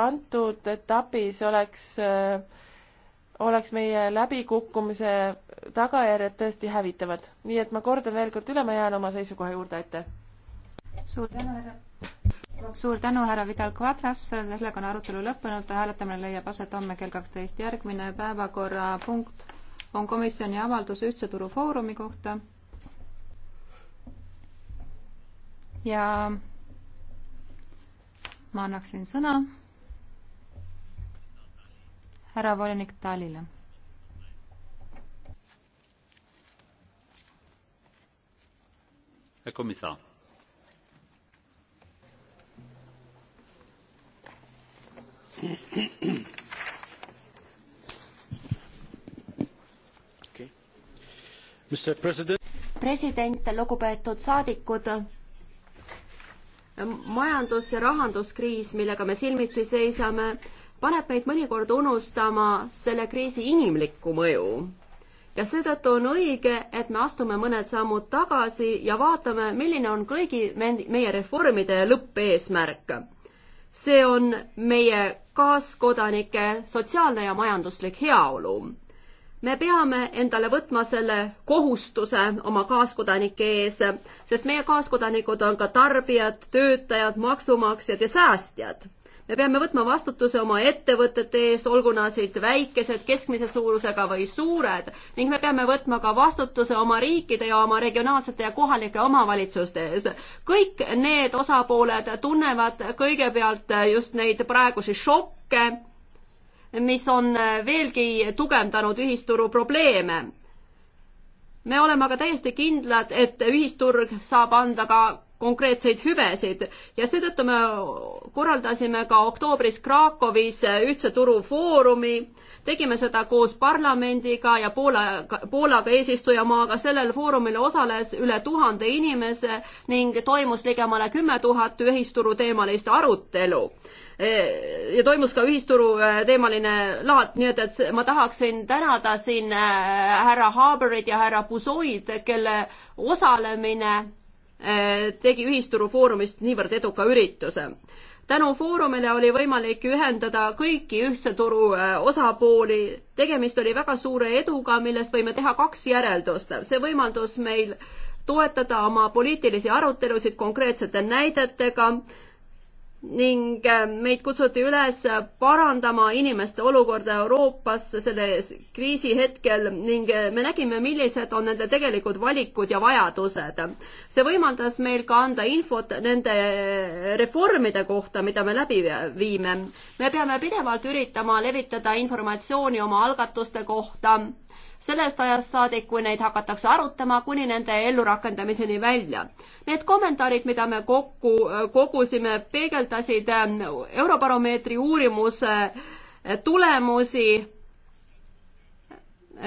antud etapis oleks, äh, oleks meie läbikukkumise tagajärjed tõesti hävitavad. nii et ma kordan veel kord üle, ma jään oma seisukoha juurde, aitäh! suur tänu, härra, suur tänu, härra Vidal Quadras, sellega on arutelu lõppenud, hääletamine leiab aset homme kell kaksteist. järgmine päevakorrapunkt on komisjoni avaldus Ühtse Turu Foorumi kohta ja ma annaksin sõna härra volinik Talile. Herr Kommissar. president, lugupeetud saadikud majandus- ja rahanduskriis, millega me silmitsi seisame, paneb meid mõnikord unustama selle kriisi inimlikku mõju. ja seetõttu on õige, et me astume mõned sammud tagasi ja vaatame, milline on kõigi meie reformide lõppeesmärk. see on meie kaaskodanike sotsiaalne ja majanduslik heaolu me peame endale võtma selle kohustuse oma kaaskodanike ees, sest meie kaaskodanikud on ka tarbijad, töötajad, maksumaksjad ja säästjad. me peame võtma vastutuse oma ettevõtete ees, olgu nad siit väikesed, keskmise suurusega või suured, ning me peame võtma ka vastutuse oma riikide ja oma regionaalsete ja kohalike omavalitsuste ees. kõik need osapooled tunnevad kõigepealt just neid praegusi šokke mis on äh, veelgi tugevdanud ühisturu probleeme. me oleme aga täiesti kindlad, et ühisturg saab anda ka konkreetseid hüvesid ja seetõttu me korraldasime ka oktoobris Krakowis ühtse turu foorumi, tegime seda koos parlamendiga ja Poola, Poolaga eesistujamaaga, sellel foorumil osales üle tuhande inimese ning toimus ligemale kümme tuhat ühisturu teemalist arutelu ja toimus ka ühisturu äh, teemaline laat, nii et, et ma tahaksin tänada siin äh, härra Haaberit ja härra Buzoid, kelle osalemine äh, tegi ühisturu foorumist niivõrd eduka ürituse. tänu foorumile oli võimalik ühendada kõiki ühtse turu osapooli, tegemist oli väga suure eduga, millest võime teha kaks järeldust, see võimaldas meil toetada oma poliitilisi arutelusid konkreetsete näidetega ning äh, meid kutsuti üles parandama inimeste olukorda Euroopas selle kriisi hetkel ning äh, me nägime, millised on nende tegelikud valikud ja vajadused. see võimaldas meil ka anda infot nende äh, reformide kohta, mida me läbi viime. me peame pidevalt üritama levitada informatsiooni oma algatuste kohta sellest ajast saadik, kui neid hakatakse arutama, kuni nende ellurakendamiseni välja. Need kommentaarid, mida me kokku äh, kogusime, peegeldasid ähm, Eurobaromeetri uurimuse äh, tulemusi.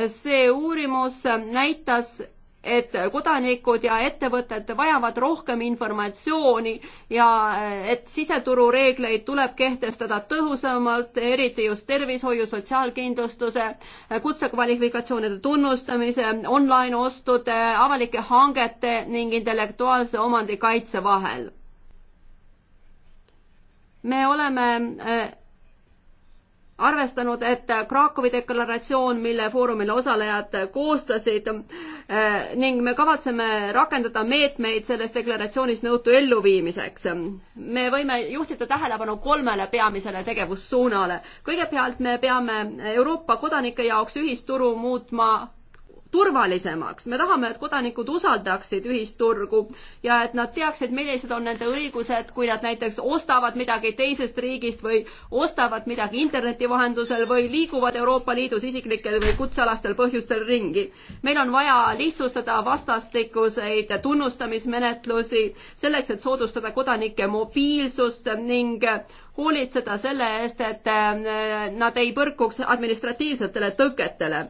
see uurimus äh, näitas, et kodanikud ja ettevõtted vajavad rohkem informatsiooni ja eh, et siseturu reegleid tuleb kehtestada tõhusamalt, eriti just tervishoiu, sotsiaalkindlustuse, kutsekvalifikatsioonide tunnustamise, online-ostude, avalike hangete ning intellektuaalse omandi kaitse vahel. me oleme eh, arvestanud, et Krakowi deklaratsioon, mille foorumil osalejad koostasid eh, ning me kavatseme rakendada meetmeid selles deklaratsioonis nõutu elluviimiseks. me võime juhtida tähelepanu kolmele peamisele tegevussuunale. kõigepealt me peame Euroopa kodanike jaoks ühisturu muutma turvalisemaks. me tahame, et kodanikud usaldaksid ühisturgu ja et nad teaksid, millised on nende õigused, kui nad näiteks ostavad midagi teisest riigist või ostavad midagi interneti vahendusel või liiguvad Euroopa Liidus isiklikel või kutsealastel põhjustel ringi. meil on vaja lihtsustada vastastikuseid tunnustamismenetlusi selleks, et soodustada kodanike mobiilsust ning hoolitseda selle eest, et äh, nad ei põrkuks administratiivsetele tõketele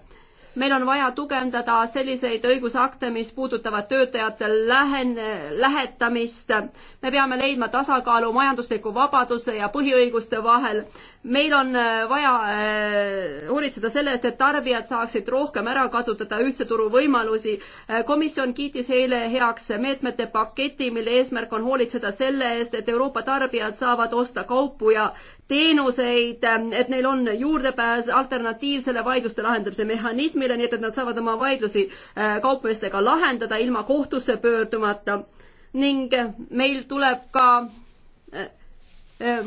meil on vaja tugevdada selliseid õigusakte, mis puudutavad töötajate lähen-, lähetamist. me peame leidma tasakaalu majandusliku vabaduse ja põhiõiguste vahel meil on äh, vaja äh, hoolitseda selle eest, et tarbijad saaksid rohkem ära kasutada ühtse turu võimalusi. Äh, komisjon kiitis eile heaks meetmete paketi, mille eesmärk on hoolitseda selle eest, et Euroopa tarbijad saavad osta kaupu ja teenuseid, et neil on juurdepääs alternatiivsele vaidluste lahendamise mehhanismile, nii et, et nad saavad oma vaidlusi kaupmeestega lahendada ilma kohtusse pöördumata ning meil tuleb ka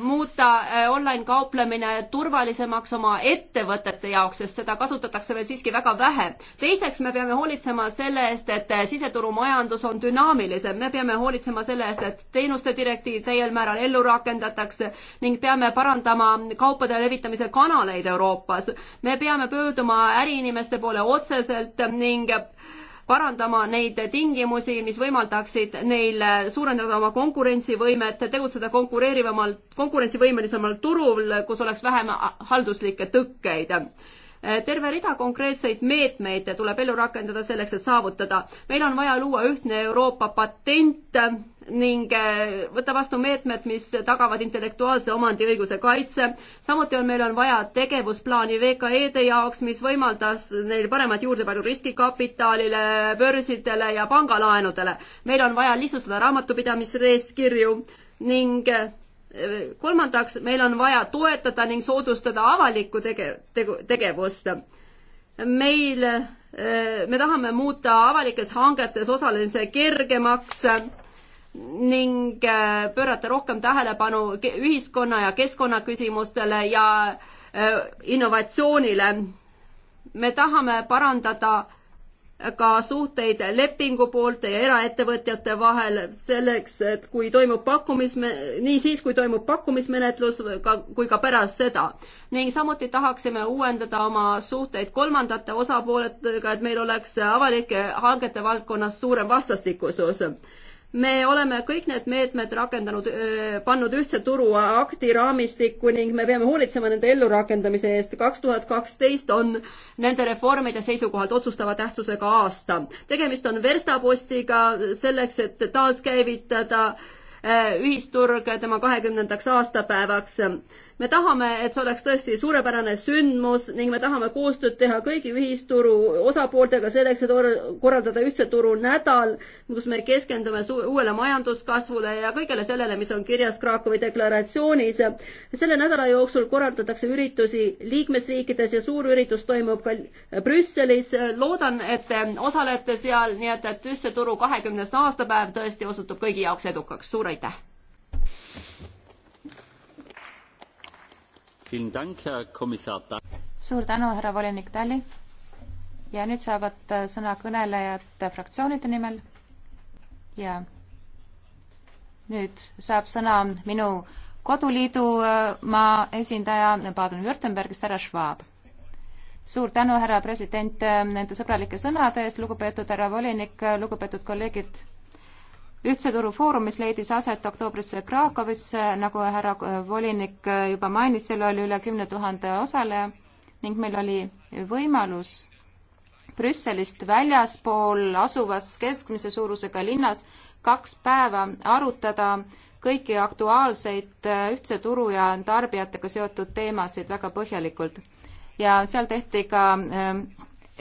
muuta äh, online kauplemine turvalisemaks oma ettevõtete jaoks, sest seda kasutatakse veel siiski väga vähe. teiseks, me peame hoolitsema selle eest, et äh, siseturumajandus on dünaamilisem, me peame hoolitsema selle eest, et teenuste direktiiv täiel määral ellu rakendatakse ning peame parandama kaupade levitamise kanaleid Euroopas. me peame pöörduma äriinimeste poole otseselt ning parandama neid tingimusi, mis võimaldaksid neil suurendada oma konkurentsivõimet, tegutseda konkureerivamalt, konkurentsivõimelisemalt turul, kus oleks vähem halduslikke tõkkeid Eh, terve rida konkreetseid meetmeid tuleb ellu rakendada selleks, et saavutada. meil on vaja luua ühtne Euroopa patent ning eh, võtta vastu meetmed, mis tagavad intellektuaalse omandiõiguse kaitse. samuti on meil on vaja tegevusplaani VKE-de jaoks, mis võimaldas neil paremat juurdepääsu riskikapitalile, börsidele ja pangalaenudele. meil on vaja lihtsustada raamatupidamisreeskirju ning eh, kolmandaks, meil on vaja toetada ning soodustada avalikku tege-, tegu-, tegevust. meil, eh, me tahame muuta avalikes hangetes osalemise kergemaks ning eh, pöörata rohkem tähelepanu ühiskonna ja keskkonnaküsimustele ja eh, innovatsioonile. me tahame parandada ka suhteid lepingupoolte ja eraettevõtjate vahel selleks, et kui toimub pakkumisme-, nii siis, kui toimub pakkumismenetlus, ka, kui ka pärast seda. ning samuti tahaksime uuendada oma suhteid kolmandate osapooletega, et meil oleks avalike hangete valdkonnas suurem vastastikusus me oleme kõik need meetmed rakendanud, pannud ühtse turu akti raamistikku ning me peame hoolitsema nende ellurakendamise eest. kaks tuhat kaksteist on nende reformide seisukohalt otsustava tähtsusega aasta. tegemist on verstapostiga selleks, et taaskäivitada ühisturg tema kahekümnendaks aastapäevaks me tahame, et see oleks tõesti suurepärane sündmus ning me tahame koostööd teha kõigi ühisturu osapooltega selleks, et korraldada ühtse turu nädal, kus me keskendume uuele majanduskasvule ja kõigele sellele, mis on kirjas Krakowi deklaratsioonis. selle nädala jooksul korraldatakse üritusi liikmesriikides ja suur üritus toimub ka Brüsselis. loodan, et te osalete seal, nii et, et ühtse turu kahekümnes aastapäev tõesti osutub kõigi jaoks edukaks. suur aitäh! suur tänu, härra volinik Tali. ja nüüd saavad äh, sõna kõnelejad äh, fraktsioonide nimel. ja nüüd saab sõna minu koduliidumaa äh, esindaja Baden-Württembergist, härra Schwab. suur tänu, härra president, nende sõbralike sõnade eest, lugupeetud härra volinik, lugupeetud kolleegid ühtse turu foorum, mis leidis aset oktoobris Krakowis, nagu härra äh, volinik äh, juba mainis, seal oli üle kümne tuhande osaleja ning meil oli võimalus Brüsselist väljaspool asuvas keskmise suurusega linnas kaks päeva arutada kõiki aktuaalseid äh, ühtse turu ja tarbijatega seotud teemasid väga põhjalikult. ja seal tehti ka äh,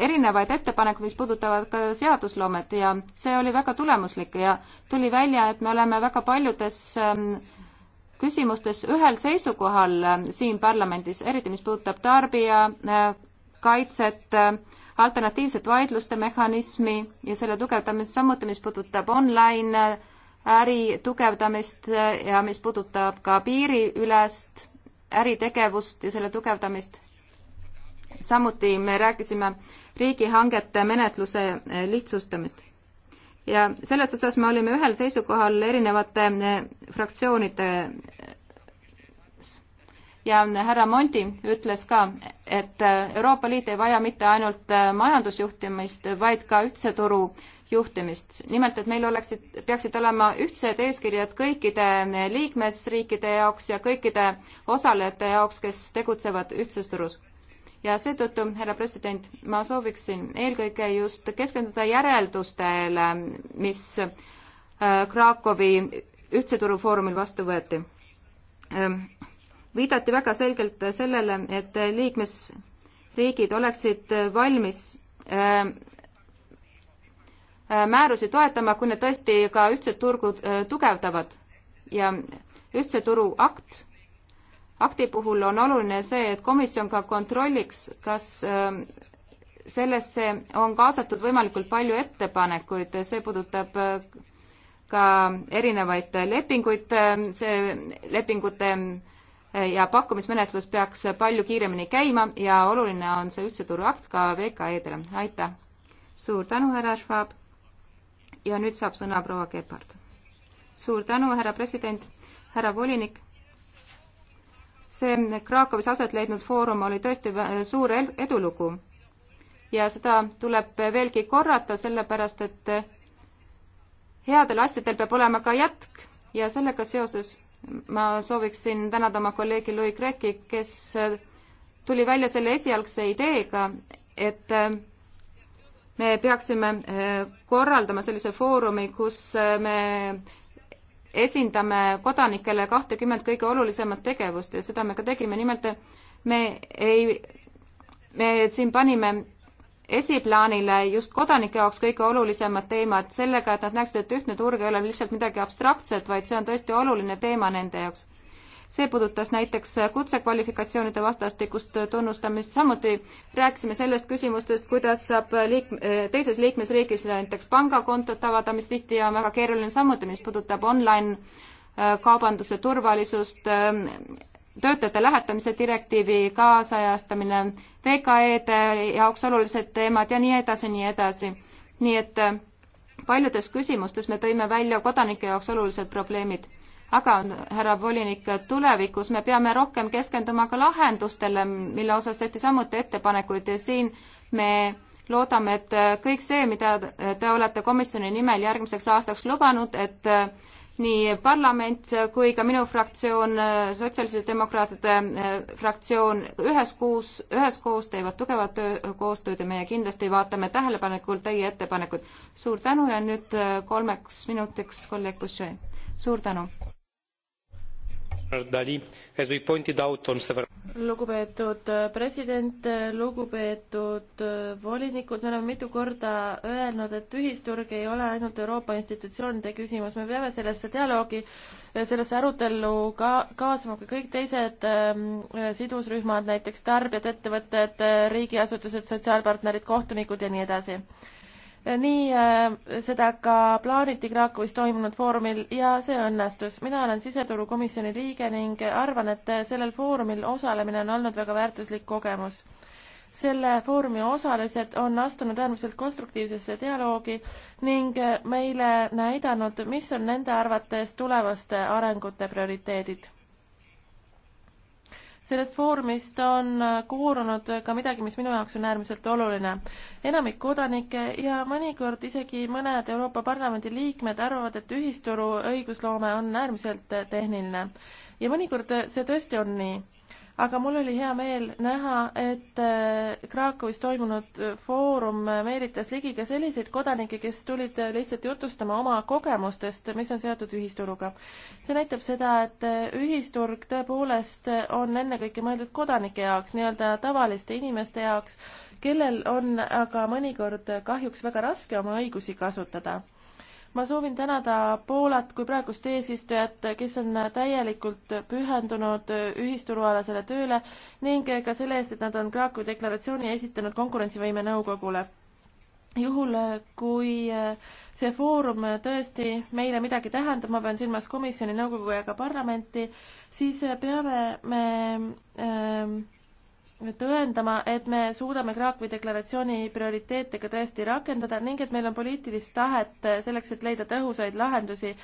erinevaid ettepanekuid, mis puudutavad ka seadusloomet ja see oli väga tulemuslik ja tuli välja, et me oleme väga paljudes ähm, küsimustes ühel seisukohal ähm, siin parlamendis, eriti mis puudutab tarbijakaitset, äh, äh, alternatiivset vaidluste mehhanismi ja selle tugevdamist, samuti mis puudutab online äh, äri tugevdamist ja mis puudutab ka piiriülest äritegevust ja selle tugevdamist samuti me rääkisime riigihangete menetluse eh, lihtsustamist. ja selles osas me olime ühel seisukohal erinevate eh, fraktsioonide eh, ja härra Mondi ütles ka, et Euroopa Liit ei vaja mitte ainult majandusjuhtimist, vaid ka ühtse turu juhtimist. nimelt, et meil oleksid, peaksid olema ühtsed eeskirjad kõikide liikmesriikide jaoks ja kõikide osalejate jaoks, kes tegutsevad ühtses turus ja seetõttu, härra president, ma sooviksin eelkõige just keskenduda järeldustele, mis äh, Krakowi ühtse turu foorumil vastu võeti. Ähm, viidati väga selgelt sellele, et liikmesriigid oleksid valmis ähm, äh, määrusi toetama, kui need tõesti ka ühtset turgu äh, tugevdavad ja ühtse turu akt akti puhul on oluline see, et komisjon ka kontrolliks, kas ähm, sellesse on kaasatud võimalikult palju ettepanekuid, see puudutab äh, ka erinevaid lepinguid, ähm, see lepingute äh, ja pakkumismenetlus peaks palju kiiremini käima ja oluline on see ühtse turu akt ka VKE-dele, aitäh! suur tänu, härra Schwab! ja nüüd saab sõna proua Gebhard. suur tänu, härra president, härra volinik see Krakowis aset leidnud foorum oli tõesti suur edulugu ja seda tuleb veelgi korrata, sellepärast et headel asjadel peab olema ka jätk ja sellega seoses ma sooviksin tänada oma kolleegi Louis Kreeki, kes tuli välja selle esialgse ideega, et äh, me peaksime äh, korraldama sellise foorumi, kus äh, me esindame kodanikele kahtekümmet kõige olulisemat tegevust ja seda me ka tegime, nimelt me ei, me siin panime esiplaanile just kodanike jaoks kõige olulisemad teemad sellega, et nad näeksid, et ühtne turg ei ole lihtsalt midagi abstraktset, vaid see on tõesti oluline teema nende jaoks see puudutas näiteks kutsekvalifikatsioonide vastastikust tunnustamist, samuti rääkisime sellest küsimustest, kuidas saab liik-, teises liikmesriigis näiteks pangakontot avada, mis tihti on väga keeruline, samuti mis puudutab online äh, kaubanduse turvalisust, äh, töötajate lähetamise direktiivi kaasajastamine, VKE-de jaoks olulised teemad ja nii edasi, nii edasi. nii et äh, paljudes küsimustes me tõime välja kodanike jaoks olulised probleemid aga härra volinik, tulevikus me peame rohkem keskenduma ka lahendustele, mille osas tehti samuti ettepanekuid ja siin me loodame, et kõik see, mida te olete komisjoni nimel järgmiseks aastaks lubanud, et nii parlament kui ka minu fraktsioon, sotsialistide demokraatide fraktsioon üheskoos, üheskoos teevad tugevat töö, koostööd ja meie kindlasti vaatame tähelepanelikult teie ettepanekud. suur tänu ja nüüd kolmeks minutiks kolleeg Boucher. suur tänu lugupeetud president, lugupeetud äh, volinikud, me oleme mitu korda öelnud, et ühisturg ei ole ainult Euroopa institutsioonide küsimus, me peame sellesse dialoogi, äh, sellesse arutellu ka kaasama ka kõik teised ähm, äh, sidusrühmad, näiteks tarbijad, ettevõtted, riigiasutused, sotsiaalpartnerid, kohtunikud ja nii edasi nii äh, seda ka plaaniti Krakowis toimunud foorumil ja see õnnestus. mina olen siseturukomisjoni liige ning arvan, et sellel foorumil osalemine on olnud väga väärtuslik kogemus. selle foorumi osalised on astunud äärmiselt konstruktiivsesse dialoogi ning meile näidanud, mis on nende arvates tulevaste arengute prioriteedid sellest foorumist on koorunud ka midagi, mis minu jaoks on äärmiselt oluline. enamik kodanikke ja mõnikord isegi mõned Euroopa Parlamendi liikmed arvavad, et ühisturu õigusloome on äärmiselt tehniline. ja mõnikord see tõesti on nii aga mul oli hea meel näha, et äh, Krakowis toimunud äh, foorum äh, meelitas ligi ka selliseid kodanikke, kes tulid lihtsalt jutustama oma kogemustest, mis on seotud ühisturuga. see näitab seda, et ühisturg tõepoolest on ennekõike mõeldud kodanike jaoks, nii-öelda tavaliste inimeste jaoks, kellel on aga mõnikord kahjuks väga raske oma õigusi kasutada ma soovin tänada Poolat kui praegust eesistujat, kes on täielikult pühendunud ühisturualasele tööle ning ka selle eest, et nad on Krakowi deklaratsiooni esitanud konkurentsivõime nõukogule juhul, kui see foorum tõesti meile midagi tähendab, ma pean silmas komisjoni, nõukogu ja ka parlamenti, siis peame me ähm, tõendama, et me suudame Krakowi deklaratsiooni prioriteete ka tõesti rakendada ning et meil on poliitilist tahet selleks, et leida tõhusaid lahendusi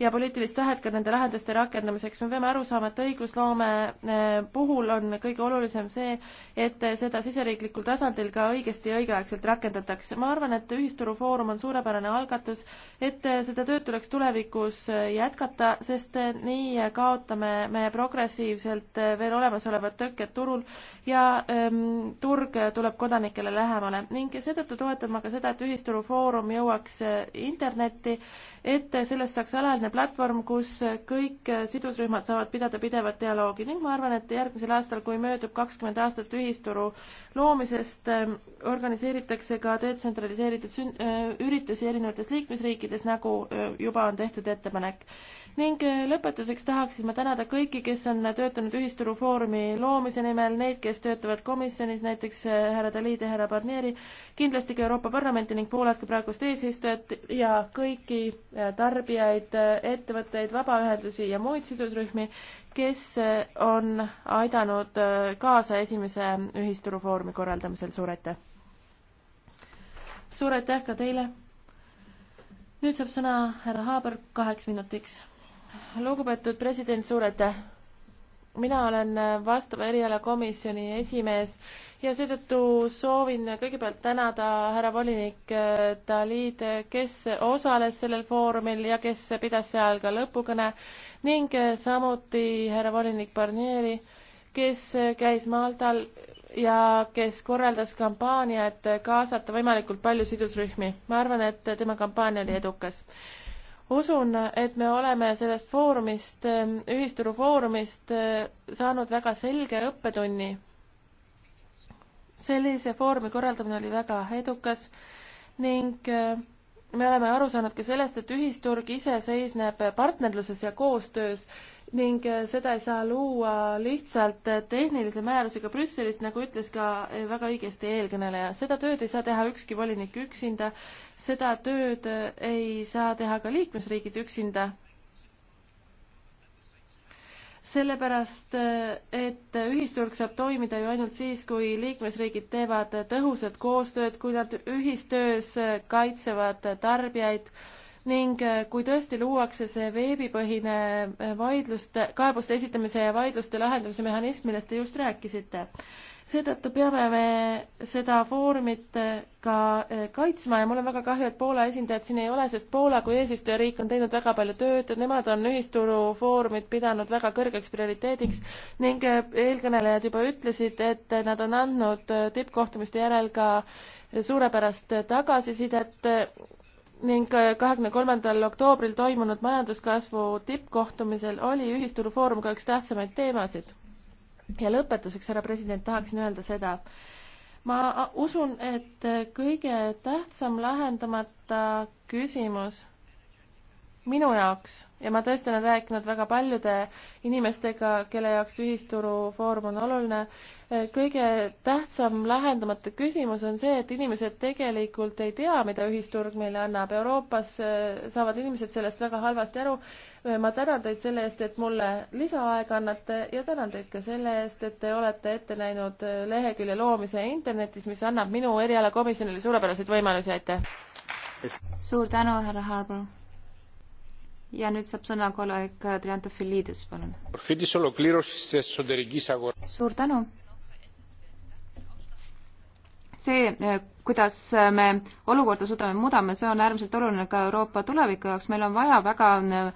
ja poliitilist tahet ka nende lahenduste rakendamiseks. me peame aru saama, et õigusloome eh, puhul on kõige olulisem see, et seda siseriiklikul tasandil ka õigesti ja õigeaegselt rakendataks. ma arvan, et ühisturufoorum on suurepärane algatus, et seda tööd tuleks tulevikus jätkata, sest nii kaotame me progressiivselt veel olemasolevad tõkked turul ja ja ähm, turg tuleb kodanikele lähemale ning seetõttu toetan ma ka seda, et ühisturufoorum jõuaks äh, internetti, et sellest saaks alaline platvorm, kus kõik äh, sidusrühmad saavad pidada pidevat dialoogi ning ma arvan, et järgmisel aastal, kui möödub kakskümmend aastat ühisturu loomisest ähm,, organiseeritakse ka detsentraliseeritud sün-, äh, üritusi erinevates liikmesriikides, nagu äh, juba on tehtud ettepanek ning äh, lõpetuseks tahaksin ma tänada kõiki, kes on töötanud ühisturufoorumi loomise nimel, neid, kes töötavad komisjonis, näiteks äh, härra Dalid ja härra Barnieri, kindlasti ka Euroopa Parlamenti ning Poolat kui praegust eesistujat ja kõiki äh, tarbijaid, ettevõtteid, vabaühendusi ja muid sidusrühmi, kes on aidanud kaasa esimese ühisturufoorumi korraldamisel, suur aitäh! suur aitäh ka teile! nüüd saab sõna härra Haaber kaheks minutiks lugupeetud president, suur aitäh! mina olen vastava erialakomisjoni esimees ja seetõttu soovin kõigepealt tänada härra volinik eh, Dalid, kes osales sellel foorumil ja kes pidas seal ka lõpukõne ning eh, samuti härra volinik Barnieri, kes käis Maltal ja kes korraldas kampaania, et kaasata võimalikult palju sidusrühmi. ma arvan, et tema kampaania oli edukas usun, et me oleme sellest foorumist, ähm, ühisturu foorumist äh, saanud väga selge õppetunni. sellise foorumi korraldamine oli väga edukas ning äh, me oleme aru saanud ka sellest, et ühisturg ise seisneb partnerluses ja koostöös ning äh, seda ei saa luua lihtsalt äh, tehnilise määrusega Brüsselist, nagu ütles ka äh, väga õigesti eelkõneleja. seda tööd ei saa teha ükski volinik üksinda, seda tööd ei saa teha ka liikmesriigid üksinda. sellepärast, et ühisturg saab toimida ju ainult siis, kui liikmesriigid teevad tõhusat koostööd, kui nad ühistöös kaitsevad tarbijaid ning äh, kui tõesti luuakse see veebipõhine äh, vaidluste, kaebuste esitamise ja vaidluste lahendamise mehhanism, millest te just rääkisite, seetõttu peame me seda foorumit äh, ka kaitsma ja mul on väga kahju, et Poola esindajad siin ei ole, sest Poola kui eesistujariik on teinud väga palju tööd, nemad on ühisturufoorumit pidanud väga kõrgeks prioriteediks ning eelkõnelejad juba ütlesid, et nad on andnud tippkohtumiste järel ka suurepärast tagasisidet ning äh, kahekümne kolmandal oktoobril toimunud majanduskasvu tippkohtumisel oli ühisturufoorum ka üks tähtsamaid teemasid. ja lõpetuseks, härra president, tahaksin öelda seda. ma äh, usun, et äh, kõige tähtsam lahendamata küsimus minu jaoks ja ma tõesti olen rääkinud väga paljude inimestega, kelle jaoks ühisturufoorum on oluline, eh, kõige tähtsam lahendamata küsimus on see, et inimesed tegelikult ei tea, mida ühisturg meile annab. Euroopas eh, saavad inimesed sellest väga halvasti aru. Eh, ma tänan teid selle eest, et mulle lisaaega annate ja tänan teid ka selle eest, et te olete ette näinud lehekülje loomise internetis, mis annab minu erialakomisjonile suurepäraseid võimalusi, aitäh! suur tänu, härra Harbo! ja nüüd saab sõna kolleeg Triantafilides, palun. suur tänu. see, eh, kuidas eh, me olukorda suudame muudame, see on äärmiselt oluline ka Euroopa tuleviku jaoks, meil on vaja väga eh,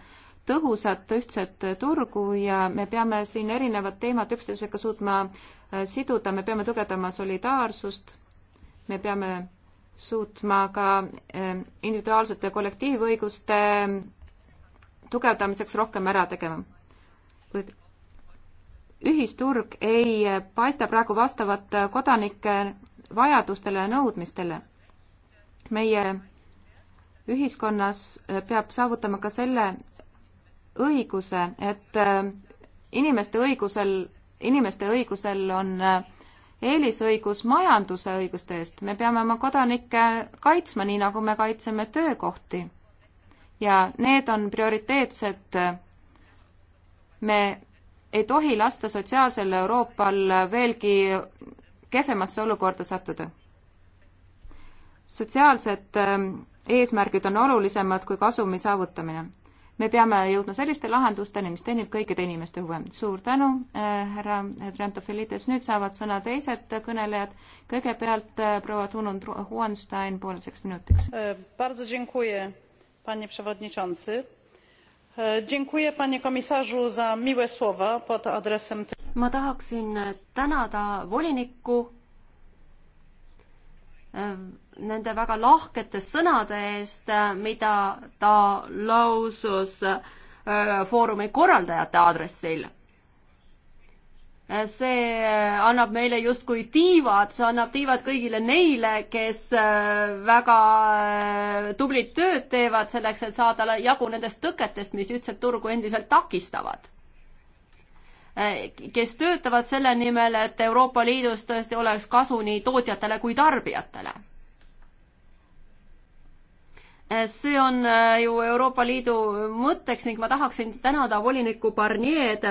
tõhusat ühtset turgu ja me peame siin erinevad teemad üksteisega suutma siduda, me peame tugevdama solidaarsust, me peame suutma ka individuaalsete kollektiivõiguste tugevdamiseks rohkem ära tegema. kuid ühisturg ei paista praegu vastavat kodanike vajadustele ja nõudmistele. meie ühiskonnas peab saavutama ka selle õiguse, et inimeste õigusel, inimeste õigusel on eelisõigus majanduse õiguste eest, me peame oma kodanikke kaitsma, nii nagu me kaitseme töökohti ja need on prioriteetsed. me ei tohi lasta sotsiaalsel Euroopal veelgi kehvemasse olukorda sattuda. sotsiaalsed eesmärgid on olulisemad kui kasumi saavutamine. me peame jõudma selliste lahendusteni, mis teenib kõikide inimeste huve. suur tänu äh,, härra Trentofilides, nüüd saavad sõna teised kõnelejad. kõigepealt äh, proua Tunun Huanstein pooleteiseks minutiks äh, panie przewodniczący! E, dziękuję panie komisarzu za miłe słowa pod adresem. ma tahaksin tänada volinikku e, nende väga lahkete sõnade eest mida ta lausus e, foorumi korraldajate aadressil see äh, annab meile justkui tiivad, see annab tiivad kõigile neile, kes äh, väga äh, tublit tööd teevad selleks, et saada jagu nendest tõketest, mis ühtset turgu endiselt takistavad. kes töötavad selle nimel, et Euroopa Liidus tõesti oleks kasu nii tootjatele kui tarbijatele. see on ju Euroopa Liidu mõtteks ning ma tahaksin tänada volinikku Barnier'd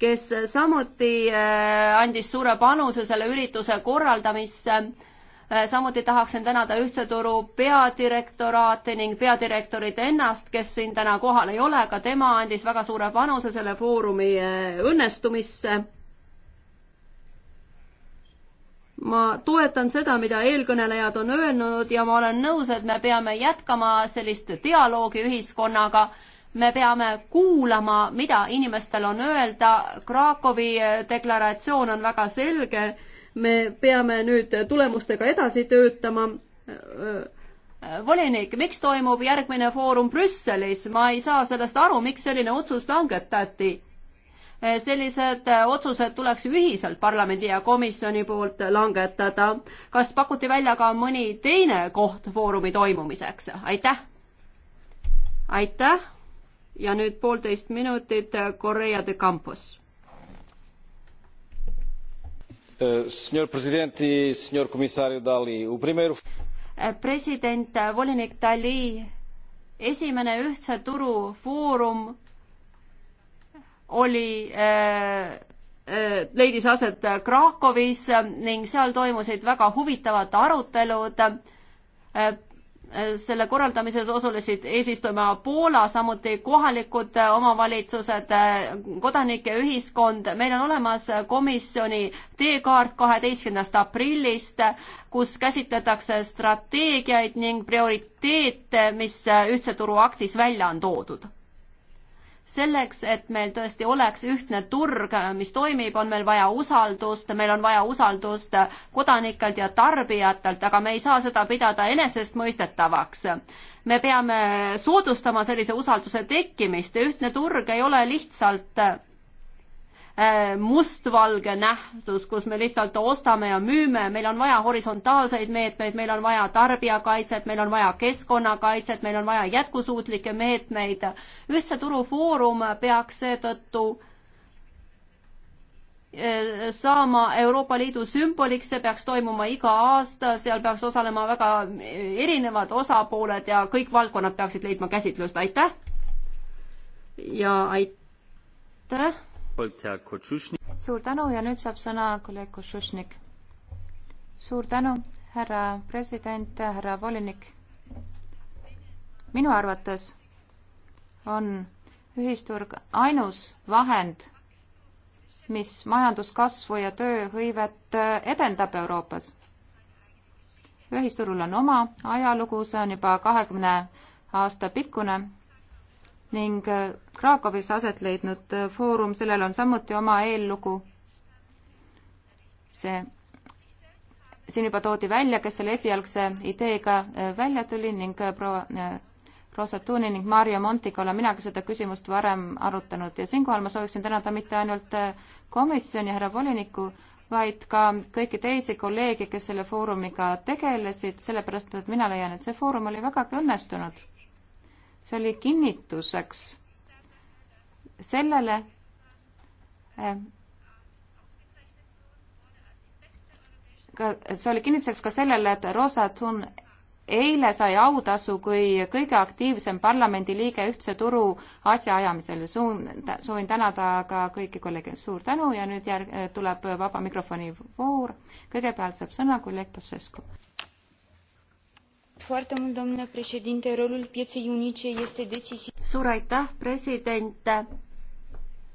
kes samuti äh, andis suure panuse selle ürituse korraldamisse. Äh, samuti tahaksin tänada Ühtse Turu peadirektoraati ning peadirektorit ennast, kes siin täna kohal ei ole, ka tema andis väga suure panuse selle foorumi äh, õnnestumisse. ma toetan seda, mida eelkõnelejad on öelnud ja ma olen nõus, et me peame jätkama sellist dialoogi ühiskonnaga me peame kuulama, mida inimestel on öelda, Krakowi deklaratsioon on väga selge, me peame nüüd tulemustega edasi töötama. volinik, miks toimub järgmine foorum Brüsselis, ma ei saa sellest aru, miks selline otsus langetati? sellised otsused tuleks ühiselt parlamendi ja komisjoni poolt langetada. kas pakuti välja ka mõni teine koht foorumi toimumiseks? aitäh! aitäh! ja nüüd poolteist minutit äh, Correa de Campos. Äh, äh, president, volinik Dali, esimene ühtse turu foorum oli äh, leidis aset Krakowis ning seal toimusid väga huvitavad arutelud Äh, selle korraldamises osalesid eesistujana Poola, samuti kohalikud äh, omavalitsused, äh, kodanike ühiskond. meil on olemas komisjoni teekaart kaheteistkümnendast aprillist, kus käsitletakse strateegiaid ning prioriteete, mis ühtse turu aktis välja on toodud selleks, et meil tõesti oleks ühtne turg, mis toimib, on meil vaja usaldust, meil on vaja usaldust kodanikelt ja tarbijatelt, aga me ei saa seda pidada enesestmõistetavaks. me peame soodustama sellise usalduse tekkimist ja ühtne turg ei ole lihtsalt Äh, mustvalge nähtus, kus me lihtsalt ostame ja müüme, meil on vaja horisontaalseid meetmeid, meil on vaja tarbijakaitset, meil on vaja keskkonnakaitset, meil on vaja jätkusuutlikke meetmeid. ühtse turu foorum peaks seetõttu äh, saama Euroopa Liidu sümboliks, see peaks toimuma iga aasta, seal peaks osalema väga erinevad osapooled ja kõik valdkonnad peaksid leidma käsitlust, aitäh! ja aitäh! suur tänu ja nüüd saab sõna kolleeg Košušnik. suur tänu, härra president, härra volinik. minu arvates on ühisturg ainus vahend, mis majanduskasvu ja tööhõivet edendab Euroopas. ühisturul on oma ajalugu, see on juba kahekümne aasta pikkune ning äh, Krakowis aset leidnud äh, foorum, sellel on samuti oma eellugu. see, siin juba toodi välja, kes selle esialgse ideega äh, välja tuli ning proua Rosa Tuuni ning Mario Montiga olen mina ka seda küsimust varem arutanud ja siinkohal ma sooviksin tänada mitte ainult komisjoni härra volinikku, vaid ka kõiki teisi kolleege, kes selle foorumiga tegelesid, sellepärast et mina leian, et see foorum oli vägagi õnnestunud see oli kinnituseks sellele, eh, ka, see oli kinnituseks ka sellele, et Rosa Thun eile sai autasu kui kõige aktiivsem parlamendiliige ühtse turu asjaajamisel. soovin tänada ka kõiki kolleege, suur tänu ja nüüd järg-, tuleb vaba mikrofoni voor. kõigepealt saab sõna kolleeg Pašescu rolul pieței unice este decisiv. suur aitäh, president!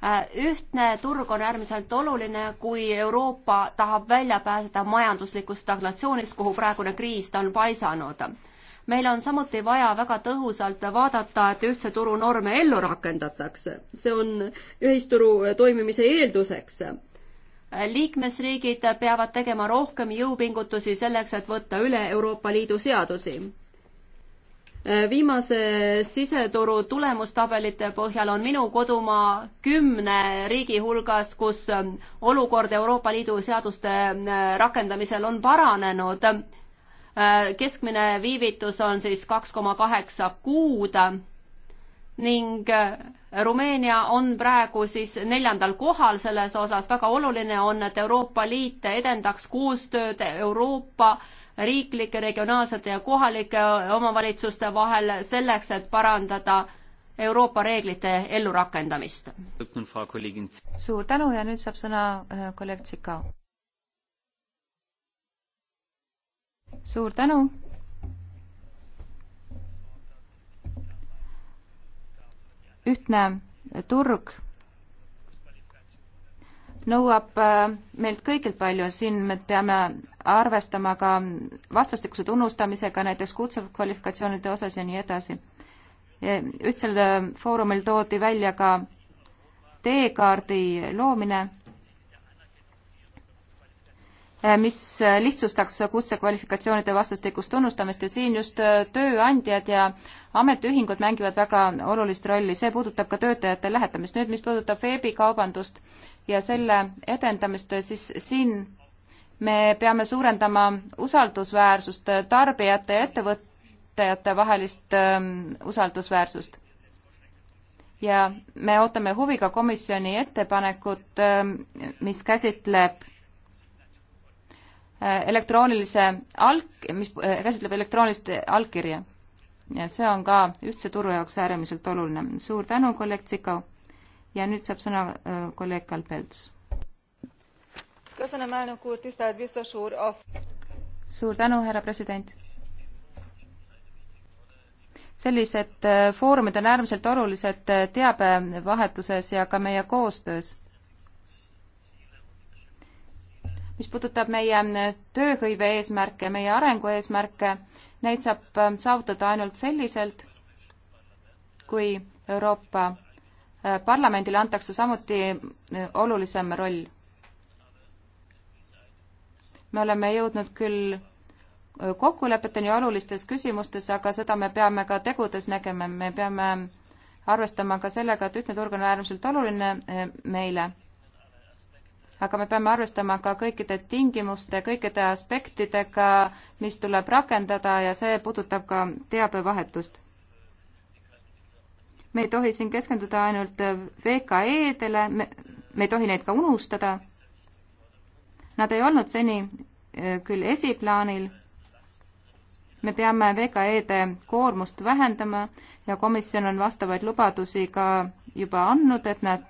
Äh, ühtne turg on äärmiselt oluline, kui Euroopa tahab välja pääseda majanduslikust stagnatsioonist, kuhu praegune kriis ta on paisanud. meil on samuti vaja väga tõhusalt vaadata, et ühtse turu norme ellu rakendatakse. see on ühisturu toimimise eelduseks liikmesriigid peavad tegema rohkem jõupingutusi selleks, et võtta üle Euroopa Liidu seadusi. viimase siseturu tulemustabelite põhjal on minu kodumaa kümne riigi hulgas, kus olukord Euroopa Liidu seaduste äh, rakendamisel on paranenud. Äh, keskmine viivitus on siis kaks koma kaheksa kuud ning äh, Rumeenia on praegu siis neljandal kohal selles osas, väga oluline on, et Euroopa Liit edendaks koostööd Euroopa riiklike, regionaalsete ja kohalike äh, omavalitsuste vahel selleks, et parandada Euroopa reeglite ellurakendamist. suur tänu ja nüüd saab sõna äh, kolleeg Tsikau. suur tänu ühtne turg nõuab äh, meilt kõigilt palju, siin me peame arvestama ka vastastikuse tunnustamisega, näiteks kutsekvalifikatsioonide osas ja nii edasi. ühtsel äh, foorumil toodi välja ka teekaardi loomine Äh, mis lihtsustaks kutsekvalifikatsioonide vastastikust tunnustamist ja siin just äh, tööandjad ja ametiühingud mängivad väga olulist rolli, see puudutab ka töötajate lähetamist. nüüd, mis puudutab veebikaubandust ja selle edendamist, siis siin me peame suurendama usaldusväärsust, äh, tarbijate ja ettevõtjate vahelist ähm, usaldusväärsust. ja me ootame huviga komisjoni ettepanekut, ähm, mis käsitleb Äh, elektroonilise alg-, mis äh, käsitleb elektroonilist allkirja. ja see on ka ühtse turu jaoks äärmiselt oluline. suur tänu, kolleeg Tsikau. ja nüüd saab sõna äh, kolleeg Kalpelts. suur tänu, härra president. sellised foorumid on äärmiselt olulised teabevahetuses ja ka meie koostöös mis puudutab meie tööhõive eesmärke, meie arengu eesmärke, neid saab ähm, saavutada ainult selliselt, kui Euroopa äh, Parlamendile antakse samuti äh, olulisem roll. me oleme jõudnud küll äh, kokkulepeteni olulistes küsimustes, aga seda me peame ka tegudes nägema, me peame arvestama ka sellega, et ühtne turg on äärmiselt oluline meile aga me peame arvestama ka kõikide tingimuste, kõikide aspektidega, mis tuleb rakendada ja see puudutab ka teabevahetust. me ei tohi siin keskenduda ainult VKE-dele, me, me ei tohi neid ka unustada. Nad ei olnud seni eh, küll esiplaanil, me peame VKE-de koormust vähendama ja komisjon on vastavaid lubadusi ka juba andnud, et nad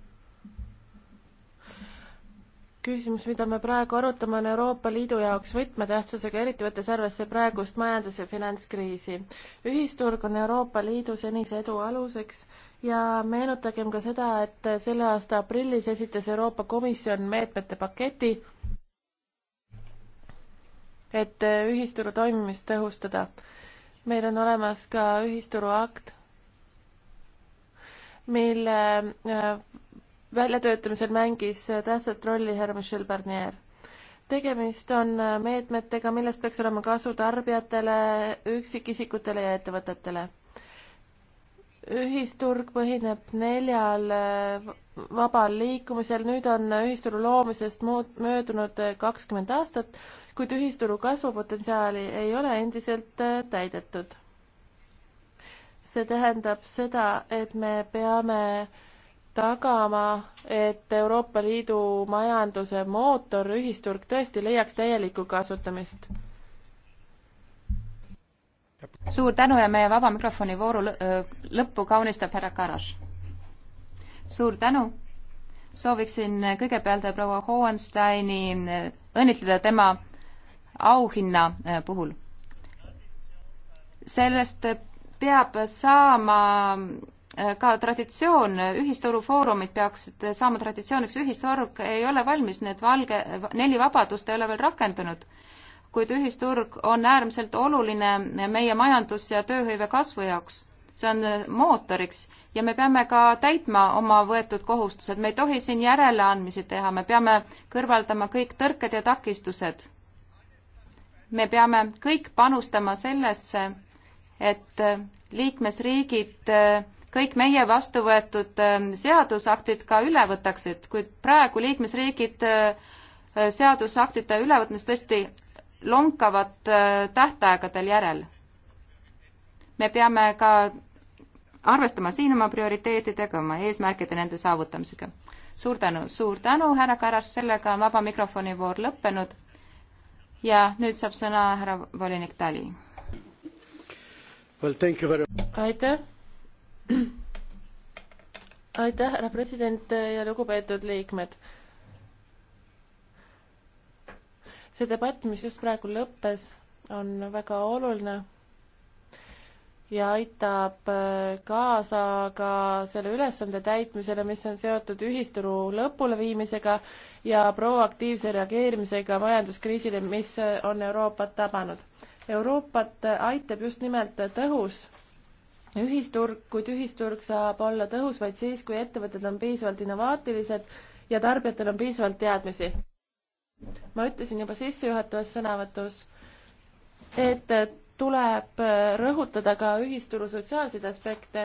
küsimus, mida me praegu arutame, on Euroopa Liidu jaoks võtmetähtsusega, eriti võttes arvesse praegust majandus- ja finantskriisi. ühisturg on Euroopa Liidu senise edu aluseks ja meenutagem ka seda, et selle aasta aprillis esitas Euroopa Komisjon meetmete paketi, et ühisturu toimimist tõhustada. meil on olemas ka ühisturu akt, mille väljatöötamisel mängis tähtsat rolli härra Michel Barnier. tegemist on meetmetega, millest peaks olema kasu tarbijatele, üksikisikutele ja ettevõtetele. ühisturg põhineb neljal vabal liikumisel, nüüd on ühisturu loomisest muud, möödunud kakskümmend aastat, kuid ühisturu kasvupotentsiaali ei ole endiselt täidetud. see tähendab seda, et me peame äh, tagama, et Euroopa Liidu majanduse mootor, ühisturg tõesti leiaks täielikku kasutamist. suur tänu ja meie vaba mikrofoni vooru lõppu kaunistab härra Karas. suur tänu, sooviksin kõigepealt proua Hohensteini õnnitleda tema auhinna puhul. sellest peab saama Äh, ka traditsioon, äh, ühisturufoorumid peaksid äh, saama traditsiooniks, ühisturg ei ole valmis, need valge, neli vabadust ei ole veel rakendunud. kuid ühisturg on äärmiselt oluline meie majandus- ja tööhõive kasvu jaoks. see on mootoriks ja me peame ka täitma oma võetud kohustused, me ei tohi siin järeleandmisi teha, me peame kõrvaldama kõik tõrked ja takistused. me peame kõik panustama sellesse, et liikmesriigid äh, kõik meie vastu võetud ähm, seadusaktid ka üle võtaksid, kuid praegu liikmesriigid äh, seadusaktide ülevõtmist tõesti lonkavad äh, tähtaegadel järel. me peame ka arvestama siin oma prioriteetidega, oma eesmärkide, nende saavutamisega. suur tänu, suur tänu, härra Karas, sellega on vaba mikrofoni voor lõppenud. ja nüüd saab sõna härra volinik Tali. aitäh aitäh, härra president ja lugupeetud liikmed. see debatt, mis just praegu lõppes, on väga oluline ja aitab kaasa ka selle ülesande täitmisele, mis on seotud ühisturu lõpuleviimisega ja proaktiivse reageerimisega majanduskriisile, mis on Euroopat tabanud. Euroopat aitab just nimelt tõhus ühisturg, kuid ühisturg saab olla tõhus vaid siis, kui ettevõtted on piisavalt innovaatilised ja tarbijatel on piisavalt teadmisi. ma ütlesin juba sissejuhatavas sõnavõtus, et tuleb rõhutada ka ühisturu sotsiaalseid aspekte,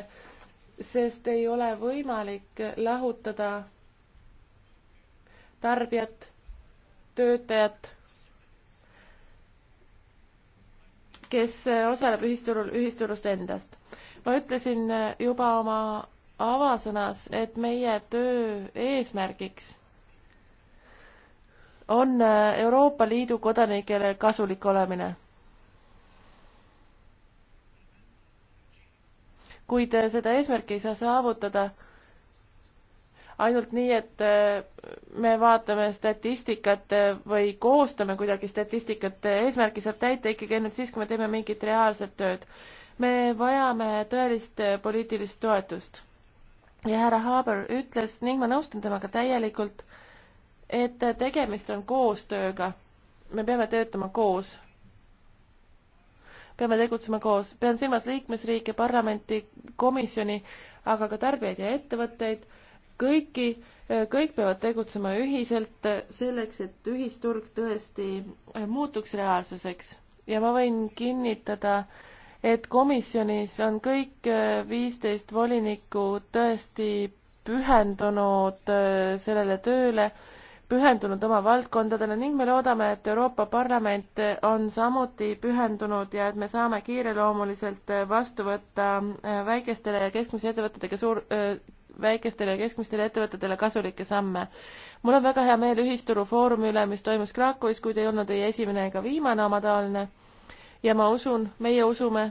sest ei ole võimalik lahutada tarbijat, töötajat kes osaleb ühisturul, ühisturust endast ma ütlesin äh, juba oma avasõnas, et meie töö eesmärgiks on äh, Euroopa Liidu kodanikele kasulik olemine. kuid äh, seda eesmärki ei saa saavutada ainult nii, et me vaatame statistikat või koostame kuidagi statistikat, eesmärki saab täita ikkagi ainult siis, kui me teeme mingit reaalset tööd me vajame tõelist äh, poliitilist toetust. ja härra Haber ütles ning ma nõustun temaga täielikult, et äh, tegemist on koostööga. me peame töötama koos. peame tegutsema koos, pean silmas liikmesriike, parlamenti, komisjoni, aga ka tarbijaid ja ettevõtteid, kõiki, äh, kõik peavad tegutsema ühiselt selleks, et ühisturg tõesti muutuks reaalsuseks. ja ma võin kinnitada äh, et komisjonis on kõik äh, viisteist volinikku tõesti pühendunud äh, sellele tööle, pühendunud oma valdkondadele ning me loodame, et Euroopa Parlament äh, on samuti pühendunud ja et me saame kiireloomuliselt vastu võtta väikestele ja keskmise ettevõtetega suur, väikestele ja keskmistele ettevõtetele kasulikke samme. mul on väga hea meel ühisturufoorumi üle, mis toimus Krakowis, kuid ei olnud ei esimene ega viimane omataoline ja ma usun, meie usume,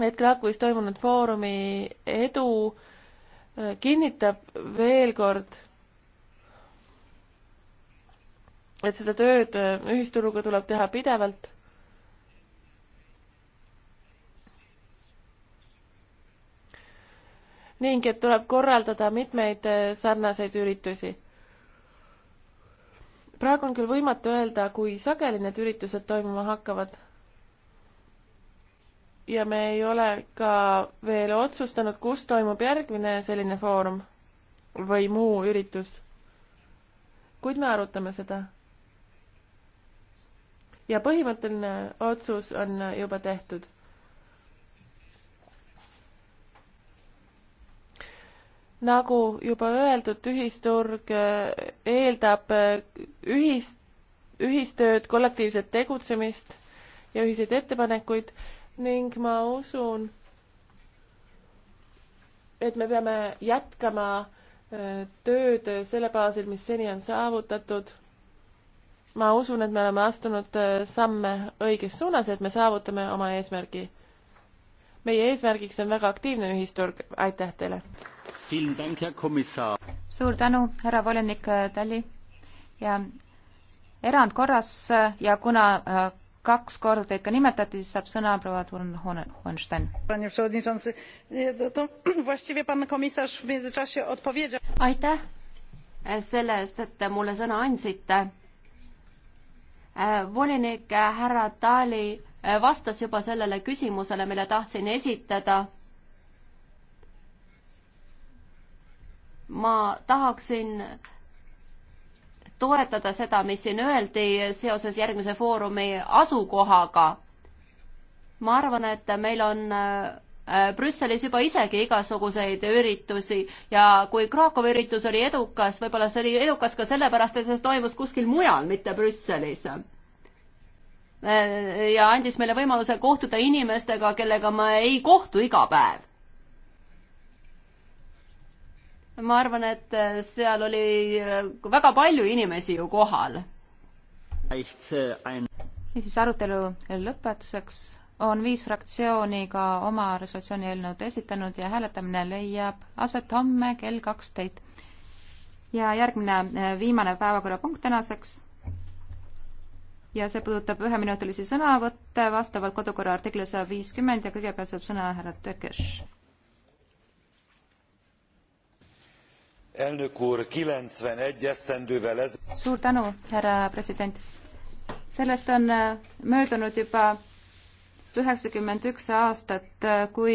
et Krakuis toimunud foorumi edu äh, kinnitab veel kord, et seda tööd äh, ühisturuga tuleb teha pidevalt. ning et tuleb korraldada mitmeid äh, sarnaseid üritusi. praegu on küll võimatu öelda, kui sageli need üritused toimuma hakkavad ja me ei ole ka veel otsustanud, kus toimub järgmine selline foorum või muu üritus. kuid me arutame seda. ja põhimõtteline otsus on juba tehtud. nagu juba öeldud, ühisturg eeldab ühist, ühistööd, kollektiivset tegutsemist ja ühiseid ettepanekuid ning ma usun, et me peame jätkama äh, tööd selle baasil, mis seni on saavutatud. ma usun, et me oleme astunud äh, samme õiges suunas, et me saavutame oma eesmärgi. meie eesmärgiks on väga aktiivne ühisturg, aitäh teile! suur tänu, härra volinik Tali ja erandkorras äh, ja kuna kaks korda teid ka nimetati, siis saab sõna proua Turn Hohenstein. aitäh selle eest, et te mulle sõna andsite. Äh, volinik äh, härra Tali äh, vastas juba sellele küsimusele, mille tahtsin esitada. ma tahaksin toetada seda, mis siin öeldi seoses järgmise foorumi asukohaga. ma arvan, et meil on äh, Brüsselis juba isegi igasuguseid üritusi ja kui Krakowi üritus oli edukas, võib-olla see oli edukas ka sellepärast, et see toimus kuskil mujal, mitte Brüsselis. Äh, ja andis meile võimaluse kohtuda inimestega, kellega ma ei kohtu iga päev ma arvan, et äh, seal oli äh, väga palju inimesi ju kohal. Äh, ja siis arutelu lõpetuseks on viis fraktsiooni ka oma resolutsiooni eelnõud esitanud ja hääletamine leiab aset homme kell kaksteist. ja järgmine viimane päevakorrapunkt tänaseks ja see puudutab üheminutilisi sõnavõtte vastavalt kodukorra artiklile sada viiskümmend ja kõigepealt saab sõna härra Tökes. elnök úr, kilencvenegy esztendővel ez... suur tänu, härra president. sellest on äh, möödunud juba üheksakümmend üks aastat, äh, kui